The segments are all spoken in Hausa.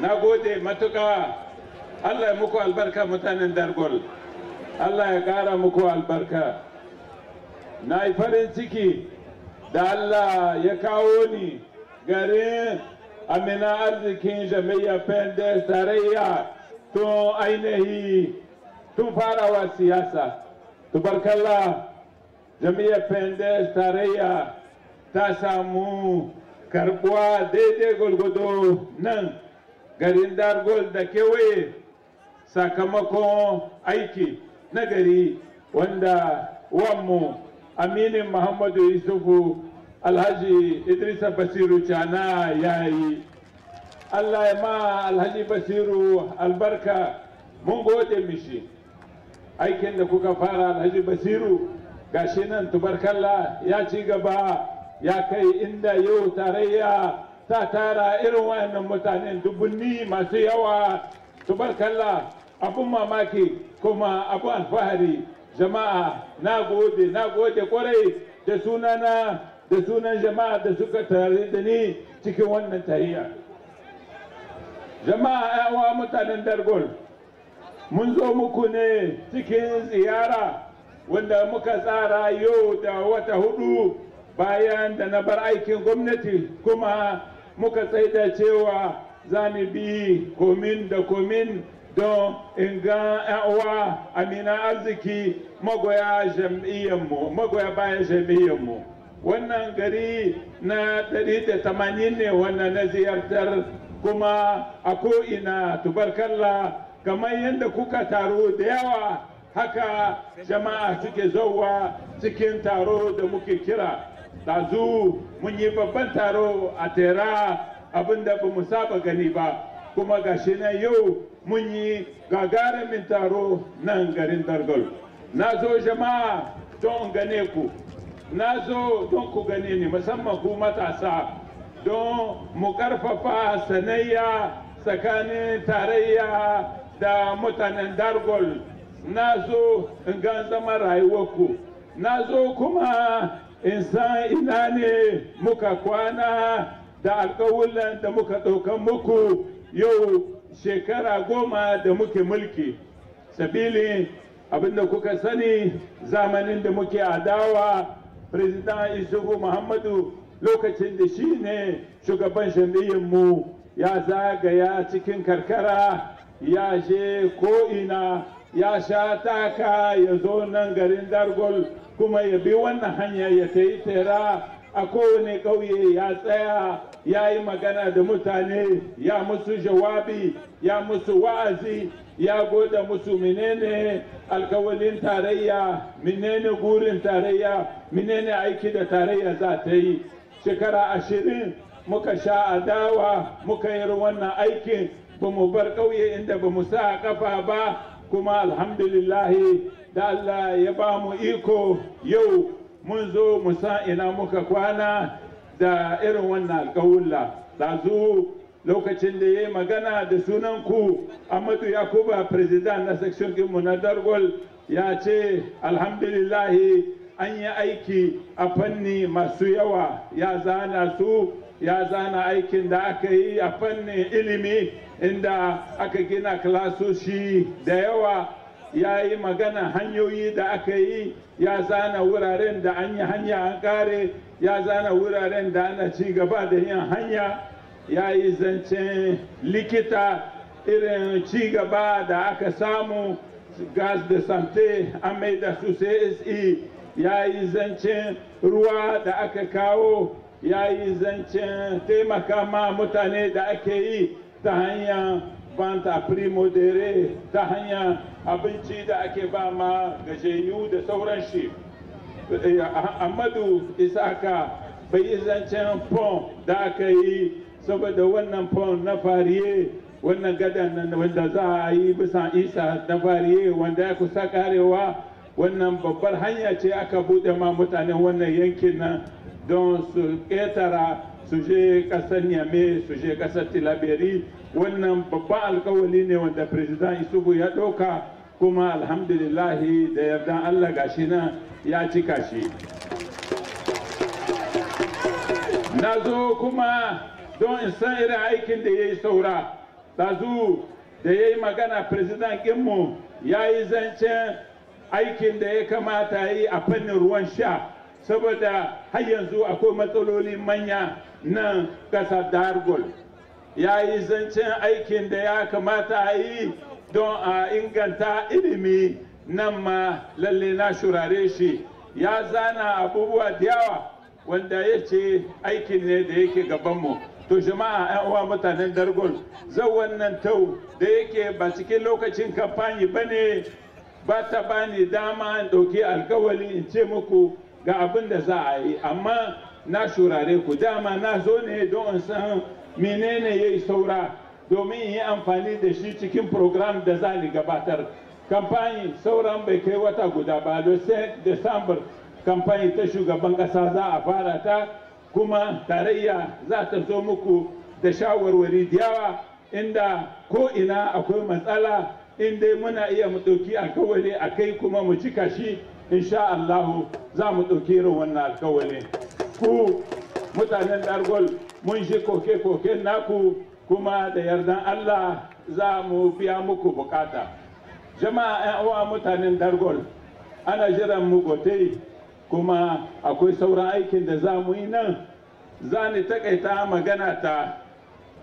na gode matuƙa allah ya muku albarka mutanen dargol allah ya ƙara muku albarka na yi farin ciki da allah ya kawo ni garin amina arzikin jami'a pendes tarayya tun ainihi tun farawa siyasa tubarkalla jami'a pendes tarayya ta samu karbuwa daidai gwalgwado nan garin dargol da kewaye sakamakon aiki na gari wanda wanmu aminin muhammadu yusufu alhaji idrisa basiru cana ya yi allah ya ma alhaji basiru albarka mun gode mishi aikin da kuka fara alhaji basiru gashi nan tubarkalla ya ci gaba ya kai inda yau tarayya ta tara irin wayannan mutanen dubunni masu yawa su bar tubarkalla abun mamaki kuma abu alfahari jama'a na gode na gode kwarai da sunana da sunan jama'a da suka tare da ni cikin wannan tahiya jama'a yawa mutanen dargol mun zo muku ne cikin ziyara wanda muka tsara yau da wata hudu bayan da na bar aikin gwamnati kuma muka tsaida cewa za mu bi komin da komin don in ga uwa amina arziki magoya jam'iyyarmu magoya bayan jam'iyyarmu wannan gari na 180 ne wannan na ziyartar kuma a ko'ina tubarkalla kamar yadda kuka taro da yawa haka jama'a suke zauwa cikin taro da muke kira Tazu mun yi babban taro a tera abinda ba mu saba gani ba kuma gashi na yau mun yi gagarumin taro nan garin dargal na zo jama'a don gane ku na zo don ku gane ni musamman ku matasa don mu karfafa sanayya tsakanin tarayya da mutanen dargol na zo in ga zama rayuwarku na zo kuma ina ne muka kwana da alkawulan da muka ɗaukan muku yau shekara goma da muke mulki sabili abinda kuka sani zamanin da muke adawa firistan isufu muhammadu lokacin da shi ne shugaban mu ya zagaya cikin karkara ya je ko'ina ya sha taka ya zo nan garin dargol kuma ya bi wannan hanya ya sayi tera a kowane ƙauye ya tsaya ya yi magana da mutane ya musu jawabi ya musu wa'azi ya goda musu menene alkawalin tarayya menene gurin tarayya menene aiki da tarayya za ta yi shekara ashirin muka sha adawa muka yi wannan aikin ba mu bar ƙauye inda ba mu sa kafa ba kuma alhamdulillahi da Allah ya ba mu iko yau mun zo mu ina muka kwana da irin wannan alƙawulla zu lokacin da ya yi magana da sunan ku amadu yakuba president na section mu na dargol ya ce alhamdulillahi an yi aiki a fanni masu yawa ya zana su ya zana aikin da aka yi a fannin ilimi inda aka gina klasoshi da yawa ya yi magana hanyoyi da aka yi ya zana wuraren da an yi hanya an kare ya zana wuraren da ana ci gaba da yin hanya ya yi zancen likita irin ci gaba da aka samu gas da samte a mai da su cse ya yi zancen ruwa da aka kawo ya yi zancen taimaka ma mutane da ake yi ta hanyar banta dere ta hanyar abinci da ake ba ma gajeyu da sauran shi eh, amadu ah, isaka bai yi zancen pon da aka yi saboda wannan pon na fariye wannan gadan wanda za a yi bisa isa na fariye wanda ya kusa karewa wannan babbar hanya ce aka buɗe ma mutanen wannan yankin nan don su ƙetara su je ƙasar Niamey su je ƙasar Tilaberi wannan babban alkawali ne wanda Firizidan isufu ya ɗauka kuma alhamdulillahi da yarda Allah gashi nan ya cika shi. Na zo kuma don in san irin aikin da ya yi saura, tazu da ya yi magana Firizidan ɗinmu ya yi zancen aikin da ya kamata yi a fannin ruwan sha. saboda har yanzu akwai matsaloli manya nan ƙasar dargol ya yi zancen aikin da ya kamata a yi don a inganta ilimi nan ma lalle na shurare shi ya zana abubuwa da yawa wanda ya ce aikin ne da yake gabanmu to jama'a 'yan uwa mutanen dargol zan wannan tau da yake ba cikin lokacin kamfani ba ne ba ta bani dama in alkawali in ce muku ga abin da za a yi amma na shurare ku dama na zo ne don in san menene ya yi saura domin yi amfani da shi cikin program da za ni gabatar kamfani sauran bai kai wata guda ba december kamfani ta shugaban kasa za a fara ta kuma tarayya za ta zo muku da shawarwari da yawa inda ko ina akwai matsala in dai muna iya mu ɗauki alkawari a kai kuma mu cika shi insha Allahu za mu ɗauki irin wannan alkawalin ku mutanen dargol mun shi koke-koken naku kuma da yardan Allah za mu biya muku bukata jama'a ɗan uwa mutanen dargol ana jiran mu gote kuma akwai sauran aikin da za mu yi nan za ni takaita magana ta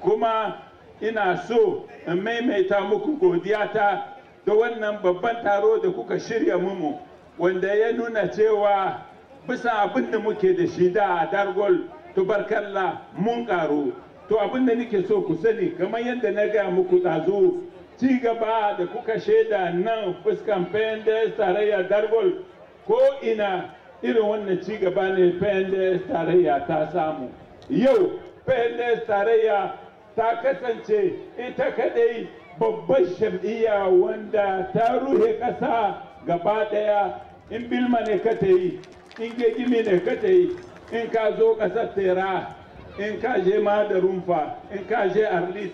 kuma ina so in maimaita muku godiya ta da wannan babban taro da kuka shirya mumu. wanda ya nuna cewa bisa abin da muke da shi da a dargol tubarkalla mun karu to abin da nake so ku sani kamar yadda na gaya muku ɗazu ci gaba da kuka shaida nan fuskan pnds tarayya dargol ko ina irin wannan ci gaba ne pnds tarayya ta samu yau pnds tarayya ta kasance ita kadai babbar jam'iyya wanda ta ruhe ƙasa gaba ɗaya in bilma ne ka ta yi in gegime ne ka ta yi in ka zo ƙasar tera in ka je rumfa in ka je arlit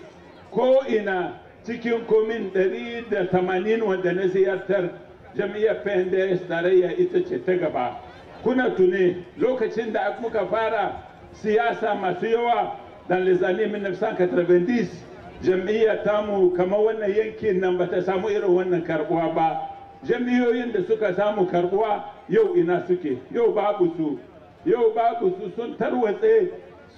ko ina cikin komin 180 wanda na ziyartar jam'iyyar pnds tarayya ita ce ta gaba kuna tune lokacin da muka fara siyasa masu yawa dan lizani 1990 jami'ar tamu kamar wannan yankin nan ba ta samu irin wannan karbuwa ba jami'oyin da suka samu karbuwa yau ina suke yau babu su yau babu su sun tarwatse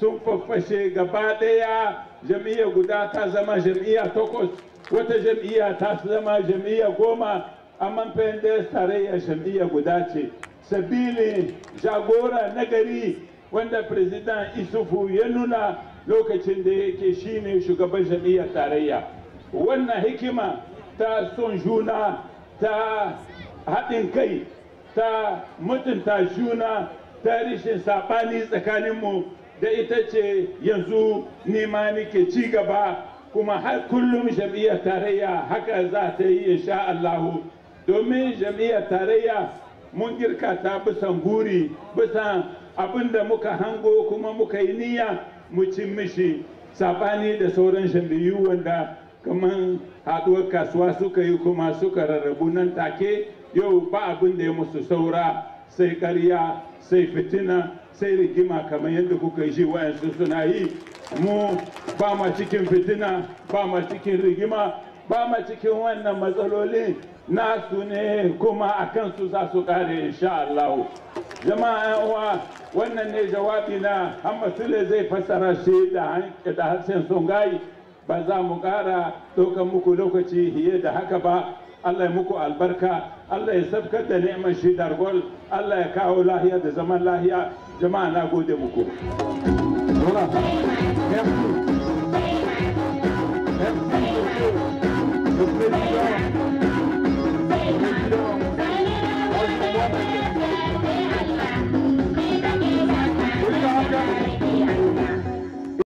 sun faffashe gaba ɗaya jami'a guda ta zama jam'iyya takwas wata jam'iyya ta zama jam'iyya goma amma da tarayya jam'iyya guda ce sabili jagora nagari wanda president isufu ya nuna lokacin da yake shine shugaban jam'iyyar tarayya wannan hikima ta son juna ta haɗin kai ta mutunta juna ta rishin saɓani tsakaninmu da ita ce yanzu nima nake ci gaba kuma har kullum jam'iyyar tarayya haka za ta yi insha Allahu domin jam'iyyar tarayya mun girka ta bisan buri bisan abin da muka hango kuma muka yi niyya mu ci mishi saɓani da sauran jam'iyyu wanda kamar haduwar kasuwa suka yi kuma suka rarrabu nan take yau ba abin da ya musu saura sai karya sai fitina sai rigima kamar yadda kuka ji wayansu suna yi mu ba ma cikin fitina ba ma cikin rigima ba ma cikin wannan matsaloli nasu ne kuma a kansu za su kare insha Allah jama'a uwa wannan ne jawabi na Hamad Sule zai fassara shi da hasken Songayi ba za mu ƙara ɗaukan muku lokaci hiye da haka ba Allah ya muku albarka Allah ya sabkar da neman shi dargol Allah ya kawo lahiya da zaman lahiya jama'a na gode muku Thank you.